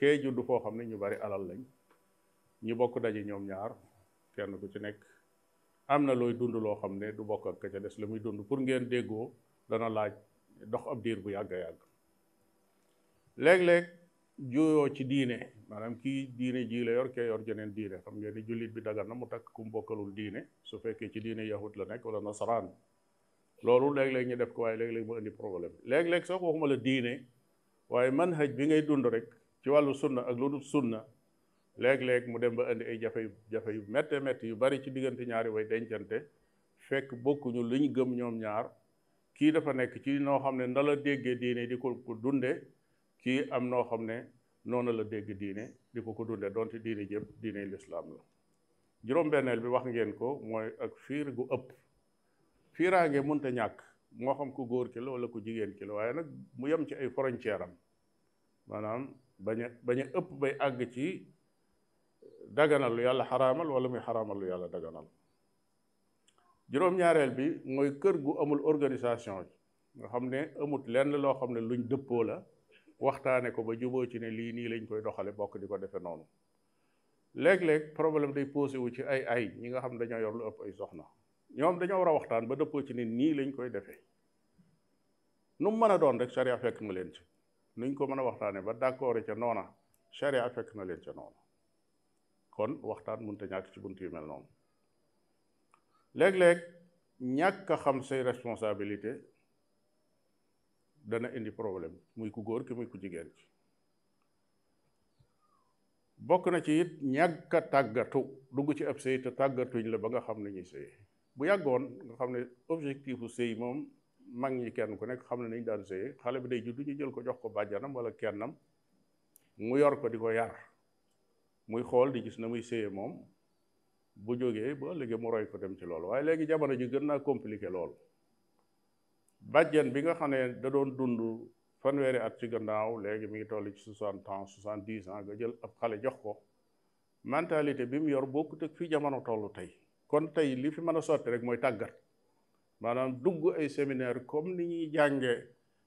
kee judd foo xam ne ñu bari alal lañ ñu bokk daje ñoom ñaar kenn ku ci nekk am na looy dund loo xam ne du bokk ak ka ca des la muy dund pour ngeen déggoo dana laaj dox ab diir bu yàgg a yàgg léeg-léeg juyoo ci diine maanaam kii diine ji yor kee yor jeneen diine xam ngeen ni jullit bi dagan na mu takk ku bokkalul diine su fekkee ci diine yahut la nekk wala nasaraan loolu léeg-léeg ñu def ko waaye léeg-léeg mu indi problème léeg-léeg soo ko waxuma la diine waaye manhaj bi ngay dund rek ci wàllu sunna ak lu dul sunna léeg-léeg mu dem ba indi ay jafe yu jafe yu métte métti yu bari ci diggante ñaari way dencante fekk bokkuñu lu ñu gëm ñoom ñaar kii dafa nekk ci noo xam ne na la déggee di ko dunde kii am noo xam ne noonu la dégg diine di ko ko dunde donte diine jëpp diine lislaam la juróom-benneel bi wax ngeen ko mooy ak fiir gu ëpp fiiraange mënta ñàkk moo xam ko góor ki la wala ku jigéen ki la waaye nag mu yem ci ay frontière am maanaam bañ a bañ a ëpp bay àgg ci daganal lu yàlla xaraamal wala muy xaraamal lu yàlla daganal juróom-ñaareel bi mooy kër gu amul organisation nga xam ne amut lenn loo xam ne luñ dëppoo la waxtaane ko ba juboo ci ne lii nii lañ koy doxale bokk di ko defe noonu léeg-léeg problème day posé wu ci ay ay ñi nga xam ne dañoo yor lu ëpp ay soxna ñoom dañoo war a waxtaan ba dëppoo ci ne nii lañ koy defee nu mu a doon rek sariya fekk na leen ci nuñ ko mën a waxtaanee ba d'accord ca noona a fekk na leen ca noona kon waxtaan mënut a ñàkk ci bunt yu mel noonu léeg-léeg ñàkk a xam say responsabilité dana indi problème muy ku góor ki muy ku jigéen ci bokk na ci it ñàkk a tàggatu dugg ci ab sëy te tàggatuñ la ba nga xam ne ñuy sëy bu yàggoon nga xam ne objectifu sëy moom mag ñi kenn ku nekk xam ne nañ daan sëye xale bi day juddu ñu jël ko jox ko bàjjanam wala kennam mu yor ko di ko yar muy xool di gis na muy sëye moom bu jógee boo léegi mu roy ko dem ci loolu waaye léegi jamono ji gën naa compliqué loolu bàjjan bi nga xam ne da doon dund fanweeri at ci gannaaw léegi mi ngi toll ci soixante ans soixante dix ans nga jël ab xale jox ko mentalité bi mu yor bokkut ak fi jamono toll tey kon tey li fi mën a sotti rek mooy tàggat maanaam dugg ay séminaire comme ni ñuy jànge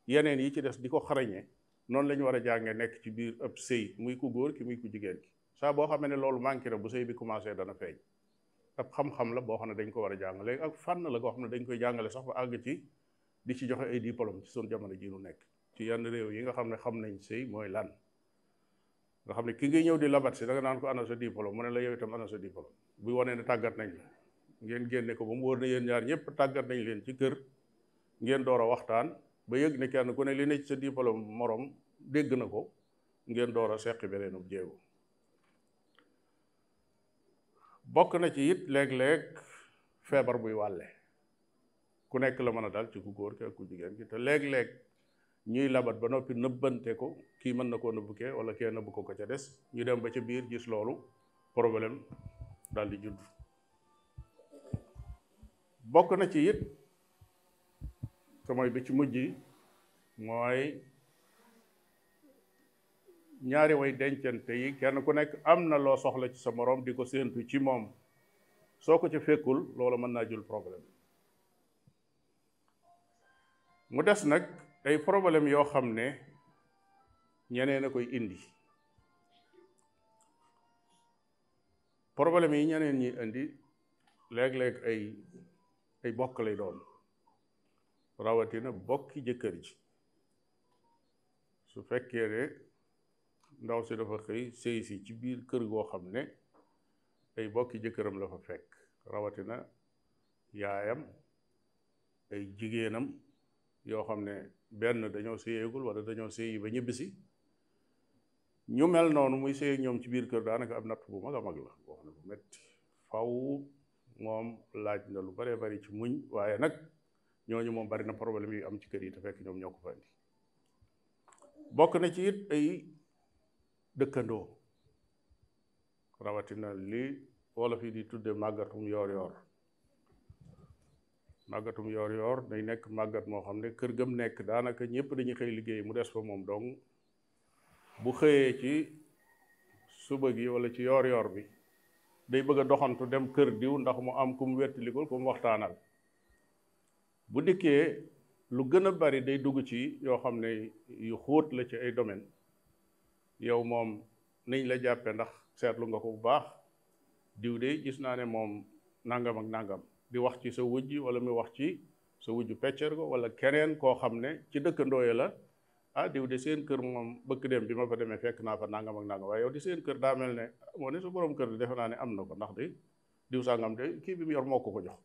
yeneen yi ci des di ko xarañe noonu la ñu war a jànge nekk ci biir ab sëy muy ku góor ki muy ku jigéen ki saa boo xamee ne loolu manqué na bu sëy bi commencé dana feeñ ab xam-xam la boo xam ne dañ ko war a jàng ak fànn la koo xam ne dañ koy jàngale sax ba àgg ci di ci joxe ay diplôme ci suñu jamono ji nu nekk ci yenn réew yi nga xam ne xam nañ sëy mooy lan nga xam ne ki ngay ñëw di labat si da nga naan ko ana sa diplôme mu ne la yow itam ana sa diplôme bu wanee ne tàggat nañ la ngeen génne ko ba mu wóor na yéen ñaar ñëpp tàggat nañ leen ci kër ngeen door a waxtaan ba yëg ne kenn ku ne li ne ci sa diplôme morom dégg na ko ngeen door a seqi beneenub jéego bokk na ci it léeg-léeg feebar buy wàlle ku nekk la mën a dal ci ku góor ki ak ku jigéen ki te léeg-léeg ñuy labat ba noppi nëbbante ko kii mën na koo nëbbu kee wala kee nëbbu ko ko ca des ñu dem ba ca biir gis loolu problème daal di judd bokk na ci it te mooy bi ci mujj mooy ñaari way dencante yi kenn ku nekk am na loo soxla ci sa moroom di ko séentu ci moom soo ko ci fekkul loolu mën naa jul problème mu des nag ay problème yoo xam ne ñeneen a koy indi problème yi ñeneen ñi indi léeg-léeg ay ay bokk lay doon rawatina bokki jëkkër ji su fekkee ne ndaw si dafa xëy sëy si ci biir kër goo xam ne ay bokki jëkkëram la fa fekk rawatina yaayam ay jigéenam yoo xam ne benn dañoo séyeegul wala dañoo séyi ba ñibbisi ñu mel noonu muy séy ñoom ci biir kër daanaka am natt bu mag a mag la boo xam ne bu metti faw moom laaj na lu bëree bëri ci muñ waaye nag ñooñu moom bari na problème yu am ci kër yi te fekk ñoom ñoo ko fa indi bokk na ci it ay dëkkandoo rawatina li wolof yi di tudde màggatum yoor yoor màggatum yoor yoor day nekk màggat moo xam ne kër ga mu nekk daanaka ñëpp dañuy xëy liggéey mu des fa moom dong bu xëyee ci suba gi wala ci yoor yoor bi day bëgg a doxantu dem kër diw ndax mu am ku mu wertilikul ku mu waxtaanal bu dikkee lu gën a bari day dugg ci yoo xam ne yu xóot la ci ay domaine yow moom niñ la jàppe ndax seetlu nga ko bu baax diw de gis naa ne moom nangam ak nangam di wax ci sa wujj wala mu wax ci sa wujju peccer ko wala keneen koo xam ne ci dëkkandooye la ah diw de seen kër moom bëkk dem bi ma fa demee fekk naa fa nangam ak nangam waaye yow di seen kër daa mel ne moo ne su borom kër di defe naa ne am na ko ndax di diw sàngam de kii bi mu yor moo ko ko jox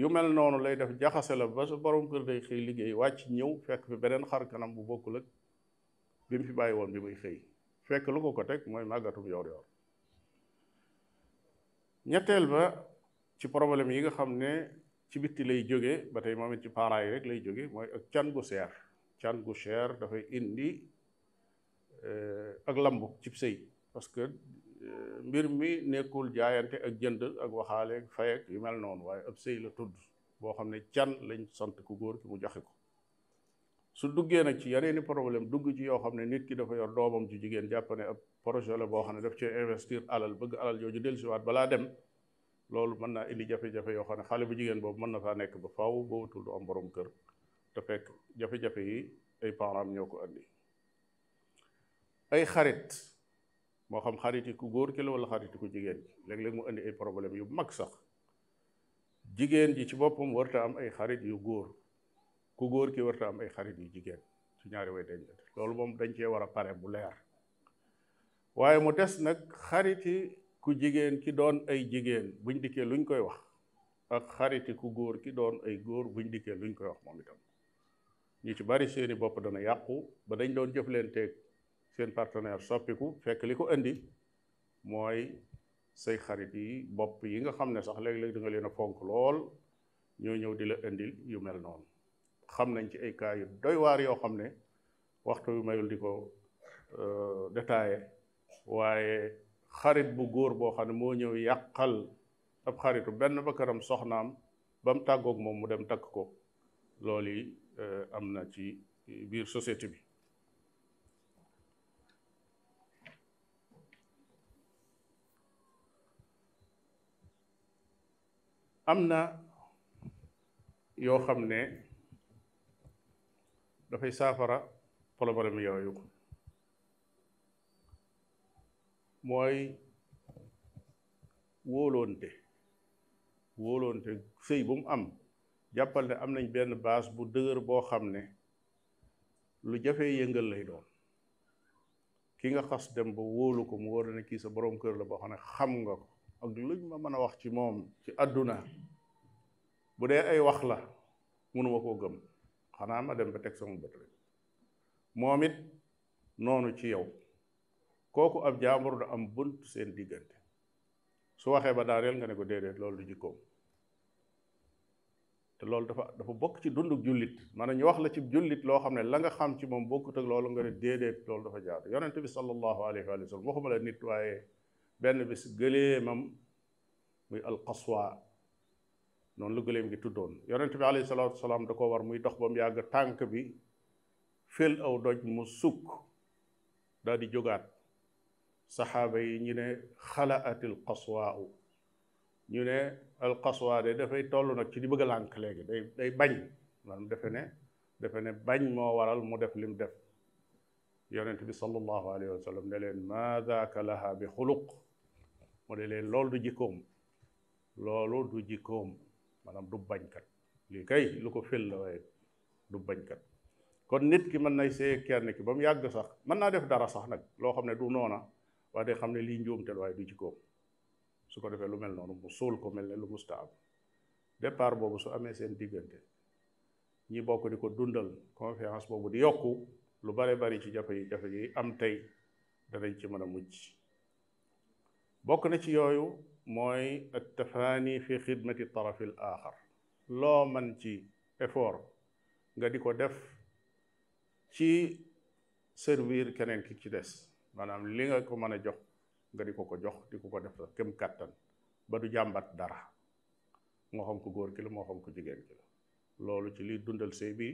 yu mel noonu lay def jaxase la ba su borom kër day xëy liggéey wàcc ñëw fekk fi beneen xar kanam bu bokkul ak bi mu fi bàyyi woon bi muy xëy fekk lu ko ko teg mooy màggatum yor yor ñetteel ba ci problème yi nga xam ne ci bitti lay jóge ba tey mo ci parents yi rek lay jóge mooy ak can gu seer can gu cher dafay indi eh, ak lambu cib sëy parce que eh, mbir mi nekkul jaayante ak jënd ak waxaale fay ak yu mel noonu waaye ab sëy la tudd boo xam ne can lañ sant ku góor ki mu joxe ko su duggee nag ci yeneeni problème dugg ci yoo xam ne nit ki dafa yor doomam ji jigéen jàpp ne ab projet la boo xam ne daf cee investir alal bëgg alal jooju dellusiwaat balaa dem loolu mën naa indi jafe-jafe yoo xam ne xale bu jigéen boobu mën na faa nekk ba faw ba wutul du kër te fekk jafe-jafe yi ay parents ñoo ko andi ay xarit moo xam xarit yi ku góor ki la wala xarit ku jigéen ji léeg mu andi ay problème yu mag sax jigéen ji ci boppam warta am ay xarit yu góor ku góor ki warta am ay xarit yu jigéen ci ñaari way dañ loolu moom dañ cee war a pare bu leer waaye mu des nag xariti ku jigéen ki doon ay jigéen buñ dikkee luñ koy wax ak xariti ku góor ki doon ay góor buñ dikkee luñ koy wax moom itam ñu ci bari seeni bopp dana yàqu ba dañ doon jëflanteeg seen partenaire soppiku fekk li ko indi mooy sey xarit yi bopp yi nga xam ne sax léeg-léeg da leen a fonk lool ñoo ñëw di la indil yu mel noonu xam nañ ci ay cas yu doy waar yoo xam ne waxtu wi mayul di ko euh, détaillé waaye xarit bu góor boo xam ne moo ñëw yàqal ab xaritu benn ba këram soxnaam ba tàggook moom mu dem takk ko loolu yi Euh, am na ci biir société bi am na yoo xam ne dafay saafara problème yooyu mooy wóoloonte wóoloonte sëy bu mu am jàppal ne am nañ benn baas bu dëgër boo xam ne lu jafee yëngal lay doon ki nga xas dem ba wóolu ko mu wóor ne kii sa boroom kër la boo xam ne xam nga ko ak luñ ma mën a wax ci moom ci àdduna bu dee ay wax la mënuma koo gëm xanaa ma dem ba teg sama bët rek moom it noonu ci yow kooku ab jaambur du am bunt seen diggante su waxee ba daaneel nga ne ko déedéet loolu du jikkoom te loolu dafa dafa bokk ci dund dunduk jullit maanaam ñu wax la ci jullit loo xam ne la nga xam ci moom bokkut ak loolu nga ne déedéet loolu dafa jaar yonente bi sallallahu alayhi wa sallam waxuma la nit waaye benn bis gëleemam muy alqaswa noonu la gëleem gi tuddoon yonente bi alayhi salatu wasalaam da ko war muy dox ba mu yàgg tànk bi fel aw doj mu sukk daal di jogaat saxaaba yi ñu ne xalaatil qaswaa ñu ne alxaswa de dafay toll nag ci di bëgg a lànk léegi day bañ maanaam defe ne defe ne bañ moo waral mu def lim def yonent bi sallallahu alayhi wa ne leen ma daaka laha bi xuluq mu ne leen loolu du jikoom loolu du jikkoom maanaam du bañkat lii kay lu ko fël la waaye du bañkat kon nit ki mën nay see kenn ki ba mu yàgg sax mën naa def dara sax nag loo xam ne du noona waaye day xam ne lii njuumte waaye du jikkoom su ko defee lu mel noonu mu suul ko mel ne lu musta am départ boobu su amee seen diggante ñi bokk di ko dundal confiance boobu di yokku lu bare bari ci jafe yi jafe yi am tey danañ ci mën a mucc bokk na ci yooyu mooy attafaani fi xidmati tarafi l axar loo man ci effort nga di ko def ci servir keneen ki ci des maanaam li nga ko mën a jox nga di ko ko jox di ko ko def sa kem kàttan ba du jàmbat dara moo xam ko góor ki la moo xam ko jigéen ki la loolu ci liy dundal sëy bi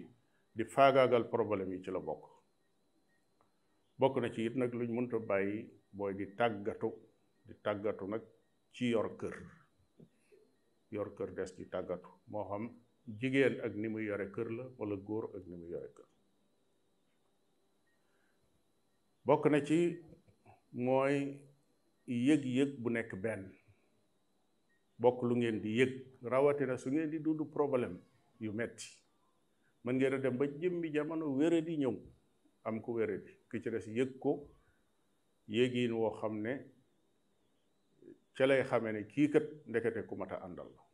di faagaagal problème yi ci la bokk bokk na ci it nag luñ mënta bàyyi booy di tàggatu di tàggatu nag ci yor kër yor kër des di tàggatu moo xam jigéen ak ni kër la wala góor ak ni bokk na ci mooy yëg-yëg bu nekk benn bokk lu ngeen di yëg rawatina su ngeen di dund problème yu metti mën ngeen a dem ba jëmmi jamono wére di ñëw am ko wére di ki ci des yëg ko yëgiin woo xam ne ca lay xamee ne kii kat ndekete ku mat a àndal la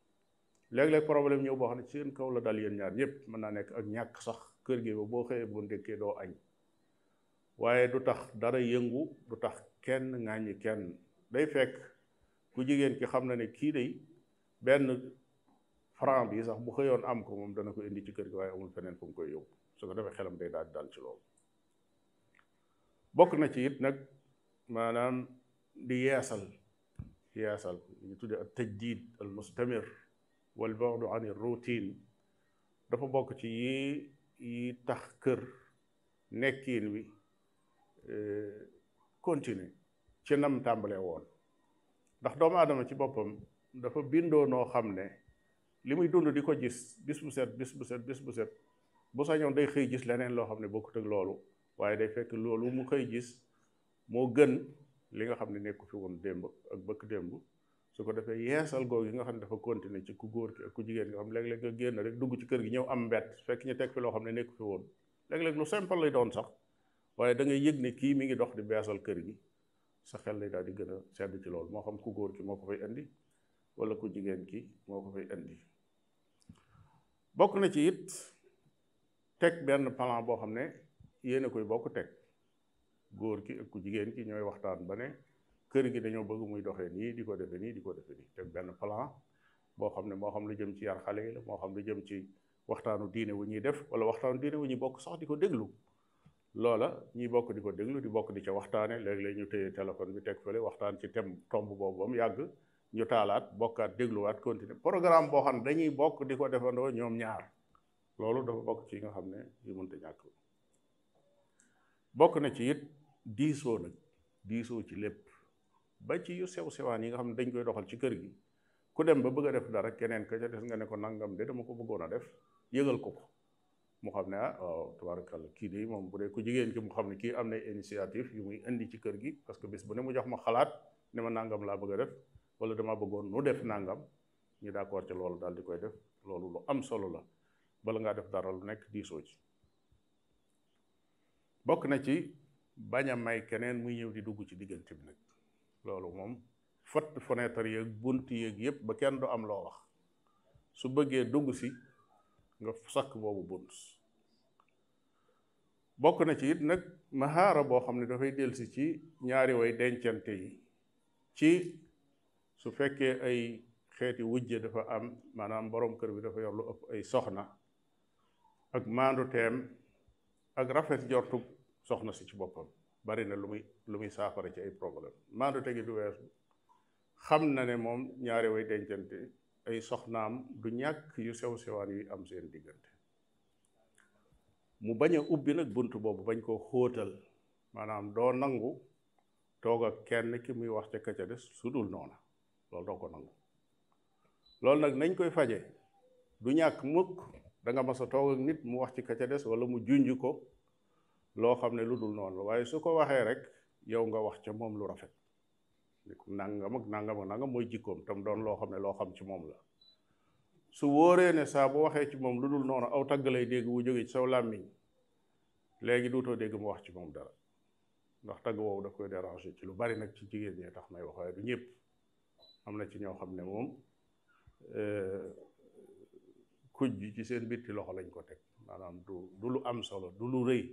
léeg-léeg problème ñëw boo xam ne ci seen kaw la dal yéen ñaar ñëpp mën naa nekk ak ñàkk sax kër gi ba boo xëyee bu ndekkee doo añ waaye du tax dara yëngu du tax kenn ŋàññi kenn day fekk ku jigéen ki xam na ne kii day benn franc bi sax bu xëyoon am ko moom dana ko indi ci kër gi waaye amul feneen fu mu koy yóbbu su ko defee xelam day daal ci loolu bokk na ci it nag maanaam di yeesal yeesal ñu tudde ak tajdid al mustamir wal bu'du ani routine dafa bokk ci yi yi tax kër nekkiin wi eh, continuer ci nam tàmbalee woon ndax doomu aadama ci boppam dafa bindoo noo xam ne li muy dund di ko gis bis bu set bis bu set bis bu set bu sañoon day xëy gis leneen loo xam ne bokkut ak loolu waaye day fekk loolu mu koy gis moo gën li nga xam ne nekku fi woon démb ak bëkk démb su ko defee yeesal googu yi nga xam ne dafa continuer ci ku góor ki ak ku jigéen nga xam léeg-léeg nga génn rek dugg ci kër gi ñëw am mbett fekk ñu teg fi loo xam ne nekku fi woon léeg-léeg lu simple lay sax waaye da ngay kii mi ngi dox di beesal kër gi sa xel lay daal di gën a sedd ci loolu moo xam ku góor ki moo ko fay indi wala ku jigéen ki moo ko fay indi bokk na ci it teg benn plan boo xam ne yéen a koy bokk teg góor ki ak ku jigéen ki ñooy waxtaan ba ne kër gi dañoo bëgg muy doxee nii di ko defe nii di ko defee nii teg benn plan boo xam ne moo xam lu jëm ci yar xale yi la moo xam lu jëm ci waxtaanu diine wu ñuy def wala waxtaanu diine wu ñuy bokk sax di ko déglu loola ñi bokk di ko déglu di bokk di ca waxtaane léeg-léeg ñu téye téléphone bi teg fële waxtaan ci thème tomb boobu ba mu yàgg ñu taalaat bokkaat dégluwaat continuer programme boo xam ne dañuy bokk di ko defandoo ñoom ñaar loolu dafa bokk ci yi nga xam ne yu mënta ñàkk bokk na ci it diisoo nag diisoo ci lépp ba ci yu sew sewaan yi nga xam ne dañ koy doxal ci kër gi ku dem ba bëgga def dara keneen ka ca des nga ne ko nangam de dama ko bëggoon a def yëgal ko ko mu xam ne ah waaw tabaarakalla kii de moom bu dee ku jigéen ki mu xam ne kii am na initiative yu muy indi ci kër gi parce que bis bu ne mu jox ma xalaat ne ma nangam laa bëgg a def wala damaa bëggoon nu def nangam ñu d'accord ci loolu daal di koy def loolu lu am solo la bala ngaa def dara lu nekk diisoo ci bokk na ci bañ a may keneen muy ñëw di dugg ci diggante bi nag loolu moom fatt fenêtre yeeg bunt yeeg yëpp ba kenn du am loo wax su bëggee dugg si nga sakk boobu bunt bokk na ci it nag mahaara boo xam ne dafay delsi ci ñaari way dencante yi ci su fekkee ay xeeti wujje dafa am maanaam borom kër bi dafa yor lu ëpp ay soxna ak maandu teem ak rafet jortu soxna si ci boppam bari na lu muy lu muy saafara ci ay problème maandu tegi du weesu xam na ne moom ñaari way dencante ay soxnaam du ñàkk yu sew sewaan yuy am seen diggante mu bañ a ubbi nag bunt boobu bañ koo xóotal maanaam doo nangu toog ak kenn ki muy wax ca ka des su dul noona loolu doo ko nangu loolu nag nañ koy faje du ñàkk mukk danga nga mas a toog nit mu wax ci ka des wala mu junj ko loo xam ne lu dul noonu la waaye su ko waxee rek yow nga wax ca moom lu rafet ni ko nangam ak nangam ak nanga mooy jikkoom tam doon loo xam ne loo xam ci moom la su wóoree ne saa bu waxee ci moom lu dul noonu aw tagg lay dégg bu jógee ci saw làmmiñ léegi duutoo dégg mu wax ci moom dara ndax tagg woowu daf koy déranger ci lu bari nag ci jigéen ñee tax may wax waaye du ñëpp am na ci ñoo xam ne moom euh, kuj bi ci seen bitti loxo lañ ko teg maanaam du du lu am solo du lu rëy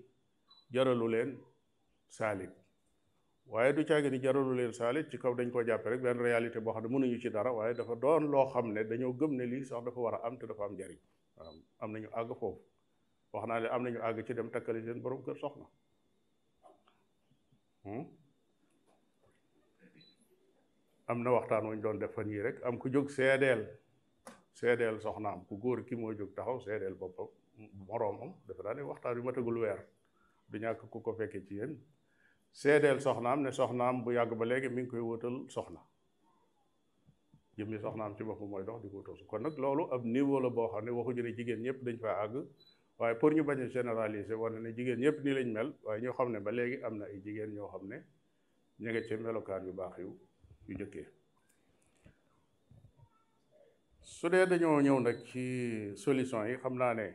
jaralu leen saalit waaye du caagi ni jaralu leen saalit ci kaw dañ koo jàppe rek benn réalité boo xam ne mënuñu ci dara waaye dafa doon loo xam ne dañoo gëm ne lii sax dafa war a am te dafa am njariñ waaw am nañu àgg foofu wax naa ne am nañu àgg ci dem takkali seen borom kër hmm? am na waxtaan wuñ doon def fan yii rek am ku jóg seedeel seedeel soxnaam ku góor ki moo jóg taxaw seedeel bopp moroomam dafa daa ne waxtaan yu ma tegul weer du ñàkk ku ko fekkee ci yéen seedeel soxnaam ne soxnaam bu yàgg ba léegi mi ngi koy wutal soxna jëmmi soxnaam ci boppam mooy dox di ko wutal kon nag loolu ab niveau la boo xam ne waxuñu ne jigéen ñëpp dañ faa àgg waaye pour ñu bañ a généraliser wane jigéen ñëpp nii lañ mel waaye ñoo xam ne ba léegi am na ay jigéen ñoo xam ne ñu ngi ci melokaan yu baax yu yu jëkkee su dee dañoo ñëw nag ci solution yi xam naa ne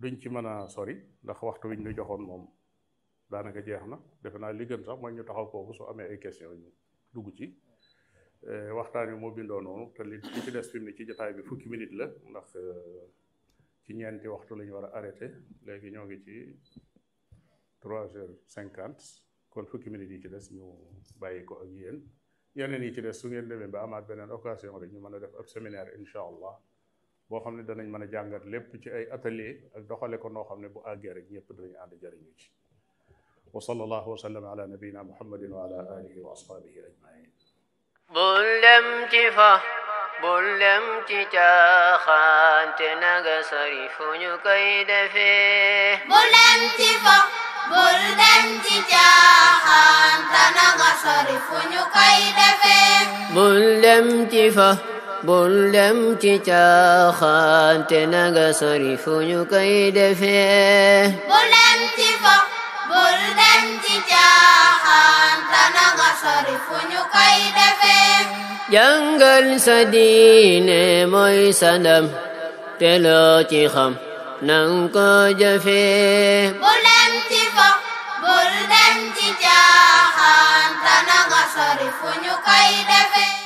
duñ ci mën a sori ndax waxtu wiñ ñu joxoon moom daanaka jeex na defe naa li gën sax mooy ñu taxaw foofu su amee ay question ñu dugg ci eh, waxtaan wi moo bindoo noonu te li ci des fi ne ci jotaay bi fukki minute la ndax eh, ci ñeenti waxtu lañu ñu war a arrêté léegi ñoo ngi ci trois heures cinquante kon fukki minute yi ci des ñu bàyyi ko ak yéen yeneen yi ci des su ngeen demee ba amaat beneen occasion rek ñu mën a def ab séminaire incha allah boo xam ne danañ mën a jàngat lépp ci ay atelier ak doxale ko noo xam ne bu àggee rek ñëpp danañ ànd jëriñu ci wa sallallahu wa sallam ala nabiyyina muhammadin wa ala alihi wa ashabihi ajmain bul dem ci fa bul dem ci caaxaante naga sori fu ñu koy defee bul dem ci fa bul dem ci caaxaante naga sori fu ñu koy defee bul dem ci fa bul dem ci caaxaan te naga sori fu ñu koy defee. bul dem ci bari fu ñu sa diine mooy sa ndam te loo ci xam nang ko jëfee bu leen ci fo bul dem ci jaaxaan te nga sori fu ñu koy defee